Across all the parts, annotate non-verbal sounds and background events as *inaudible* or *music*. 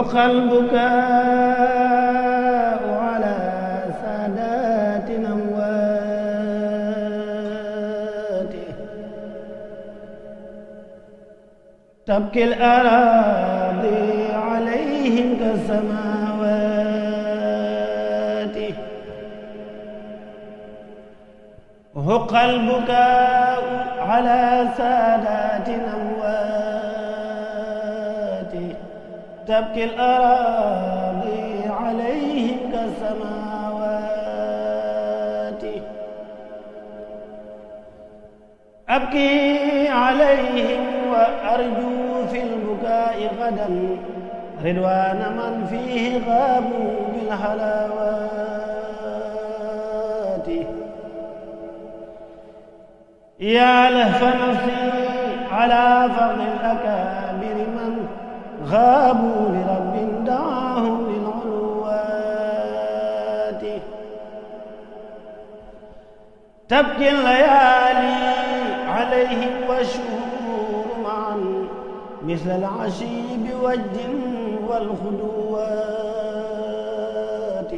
حق البكاء على سادات أمواته تبكي الأراضي عليهم كالسماوات حق البكاء على سادات أمواته تبكي الأراضي عليهم كالسماوات أبكي عليهم وأرجو في البكاء غدا رضوان من فيه غابوا بالحلاوات يا لهف نفسي على فضل الأكابر من غابوا لرب دعاهم للعلوات تبكي الليالي عليهم والشهور معا مثل العشي بوجد والخدوات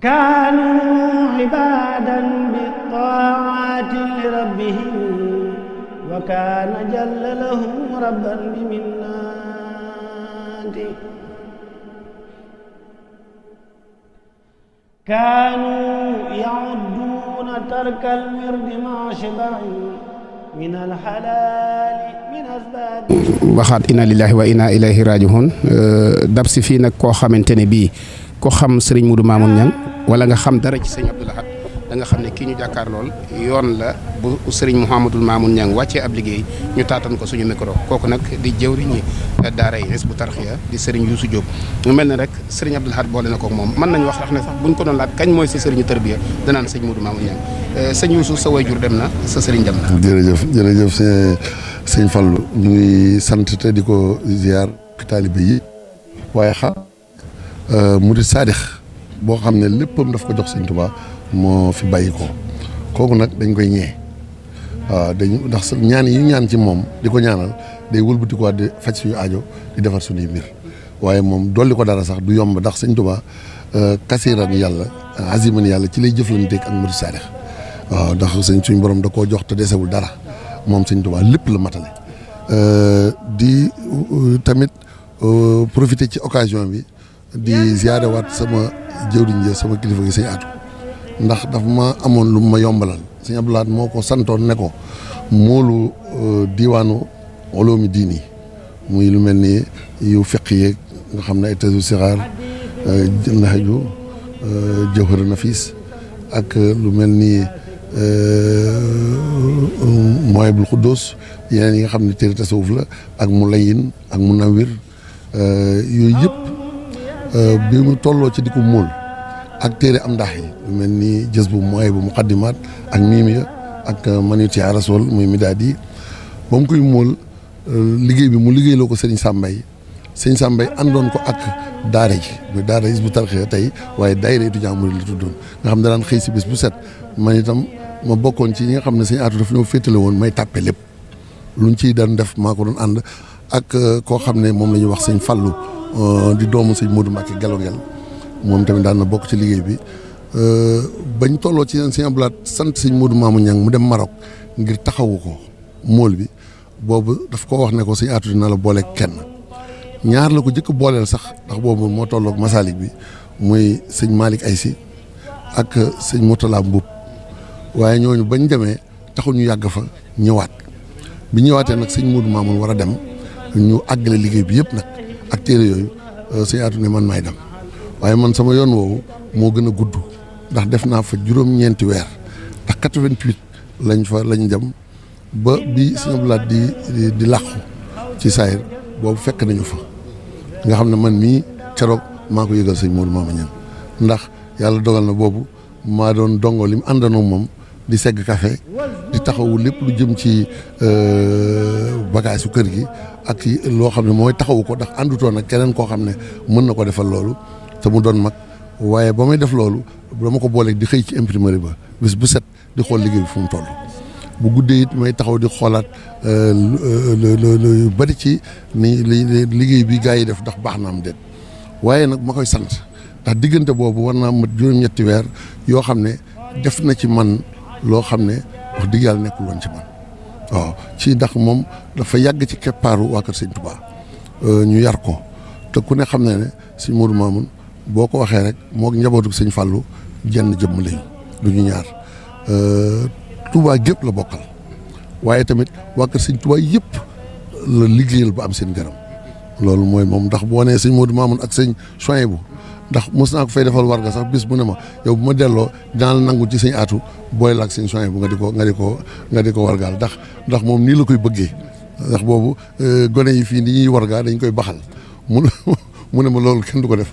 كانوا عبادا بالطاعات لربهم wa kaana jalla lahum rabban bi minnaati kaanuu ya'udduuna tarkal wirdi maa shiba'in minal halaali waxaat inna lillahi wa inna ilayhi raji'un dab si fii nag koo xamante ne bii ko xam Serigne Modou Mamoune Niang wala nga xam dara ci Serigne Abdoul Ahad da nga xam ne kii ñu jàkkaar lool yoon la bu sëriñ Mouhamadul Mamoun Niang wàccee ab liggéey ñu taatan ko suñu micro kooku nag di jëwriñi daara yi bu tarxiya di sëriñ Youssou Diop mu mel ne rek sëriñ Abdoul Ahad boole na ko moom mën nañ wax wax ne sax buñ ko doon laaj kañ mooy sa sëriñu tarbiya danaan sëñ Moudou Mamoun Niang eh, sëñ Youssou sa wayjur dem na sa sëriñ dem na jërëjëf jërëjëf sëñ sëñ Fallou ñu sant te di ko ziar taalibe yi waaye xa eh, murid saadix boo xam ne léppam daf ko jox sëñ Tuubaa moo fi bàyyi ko kooku nag dañ koy ñee waaw dañu ndax ñaan yi ñaan ci moom di ko ñaanal day wëlbatikuwaat di faj suñu ajo di defar suñuy mbir waaye moom dolli ko dara sax du yomb ndax sëñ Tuubaa euh, kasiran yàlla asi aziman yàlla ci lay jëf jëflanteeg ak murid saalix waaw dax sëñ suñ borom da koo jox te desewul dara moom sëñ Tuubaa lépp la matale euh, di euh, tamit profiter ci occasion bi di ziarewaat sama jëwriñ ja sama kilifa gi sëñ Atou ndax daf ma amoon lu ma yombalal sëñ Abdou moo ko santoon ne ko moolu euh, diwaanu oloomi diin muy lu mel ni yu feq yeeg nga xam ne ay tasu sixaar euh, naxaju euh, jawhar nafis ak lu mel ni Mawahibul Quddus yeneen yi nga xam ne téere tasawuf la ak mu layin ak mu nawir yooyu yëpp Euh, bi mu tolloo ci di ko móol ak téere am ndax yi mel ni jës bu mooy bu muqaddimaat ak miimiya ak euh, manuti rasul muy midaad yi ba mu koy móol euh, liggéey bi mu liggéeyloo ko sëriñ Sàmbay sëñ Sàmbay àndoon ko ak daara ji muy daara is bu tarxee tey waaye daayira étudiant murid la tuddoon nga xam ne xëy si bu set man itam ma bokkoon ci ñi nga xam ne sëñ Aatu daf ñoo féetale woon may tàppe lépp luñ ciy dan def maa ko doon ànd ak koo xam ne moom la ñuy wax sëñ Fallu Euh, di doomu sëñ Modou Mbacke Gallo Ngel moom tamit daan na bokk ci liggéey bi euh, bañ tolloo ci seen sëñ Abdoulaye sant sëñ Modou Mamou Niang mu dem Maroc ngir taxawu ko mool bi boobu daf ko wax ne ko sëñ Atou dina la boole kenn ñaar la ko jëkk booleel sax ndax boobu moo tollook Masalik bi muy sëñ ay si ak sëñ Moutala Mboub waaye ñooñu bañ demee taxul ñu yàgg fa ñëwaat bi ñëwaatee nag sëñ Modou Mamoun war a dem ñu àgg àggale liggéey bi yëpp nag ak téere yooyu euh, sëñ Atou man maay dem waaye man sama yoon woowu moo gën a gudd ndax def naa fa juróom-ñeenti weer ndax 88 lañ fa lañ dem ba bi sëñ Abdou Lahad di di làqu ci saayir boobu fekk nañu fa nga xam ne man mii keroog maa ko yëgal sëñ Modou Mama Niang ndax yàlla dogal na boobu maa doon dongo li mu àndandoo moom di segg café di taxawu lépp lu jëm ci euh, bagage su kër gi ak loo xam ne mooy taxawu ko ndax àndutoon nag keneen koo xam ne mën na ko defal loolu te mu doon mag waaye ba may def loolu ma ko booleeg di xëy ci imprimerie ba bis bu set di xool liggéey bi fu mu toll. bu guddee it may taxaw di xoolaat euh, lu bari ci ni li liggéey bi gars yi def ndax baax na am déet waaye nag ma koy sant ndax diggante boobu war na am juróom-ñetti weer yoo xam ne def na ci man. loo xam ne wax dëgg yàlla nekkul woon ci man waaw ci ndax moom dafa yàgg ci keppaaru waa Kër Sëñ Tuubaa euh, ñu yar ko te ku ne xam ne ne suñ Modou Mamoun boo ko waxee rek moo njabootu sëñ Fallou jenn jëmm lañu du ñu ñaar euh, Touba gépp la bokkal waaye tamit waa Kër Sëñ Touba yëpp la liggéeyal bu am seen garam loolu mooy moom ndax boo nee sëñ Modou Mamoun ak sëñ Souhaïbou bu ndax mos naa ko fay defal warga sax bis bu ne ma yow bu ma delloo dinaa la nangu ci sëñ atu booy laag sëñ soin bu nga di ko nga di ko nga di ko wargaal ndax ndax moom nii la koy bëggee ndax boobu euh, gone yi fii ni ñuy wargaa dañ koy baxal mu *laughs* mu ne ma loolu kenn du ko def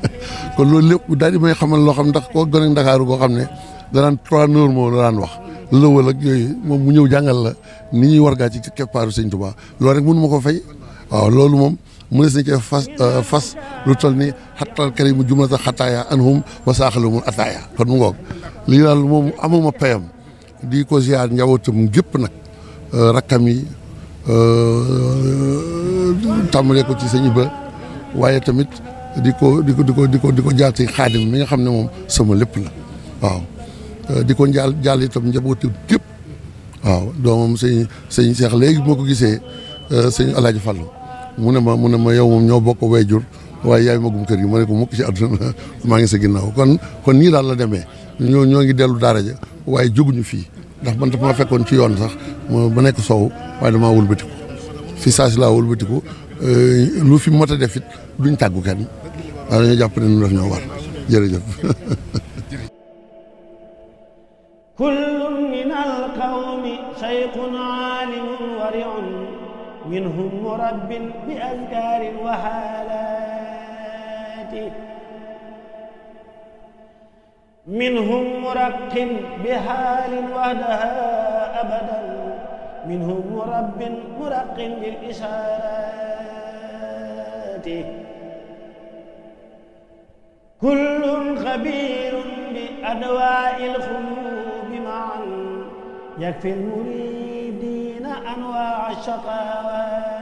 *laughs* kon loolu lépp daal di may xamal loo xam ndax koo gone ndakaaru koo xam ne danaan trois heures moo la daan wax lëwal ak yooyu moom mu ñëw jàngal la ni ñuy wargaa ci keppaaru sëñ Tuubaa loolu rek mënu ma ko fay waaw loolu moom mu ne si nañ fas euh, fas lu toll ni xattal karimu jumlata xataaya anhum wa saaxalu mun ataaya kon mu ngoog lii moom amuma payam di ko ziar njabootam gépp nag euh, rakkam yi euh, tàmbalee ko ci sëñ Iba waaye tamit di ko di ko ko di ko di ko ci xaadim mi nga xam ne moom sama lépp waaw di ko jaal jaal itam njabootam gépp waaw doomam sëñ Seex léegi moo ko gisee sëñ Alaaji Fallu mu ne ma mu ne ma yow moom ñoo bokk wayjur waaye yaay magum kër gi ma ne ko mukk ci àdduna maa ngi sa ginnaaw kon kon nii daal la demee ñoo ñoo ngi dellu daara ja waaye jóguñu fii ndax man dafa ma fekkoon ci yoon sax ma nekk soow waaye damaa wëlbatiku fi saa si laa wëlbatiku euh, lu fi mot a def it duñ tàggu kenn waaye dañoo jàpp ne nu def ñoo war jërëjëf *laughs* kullun min al qawmi shaykhun alimun منهم مرب بأذكار وحالات منهم مرق بحال وحدها أبدا منهم مرب مرق بالإشارات كل خبير بأدواء الخلوب معا يكفي المريد أنواع الشقاوات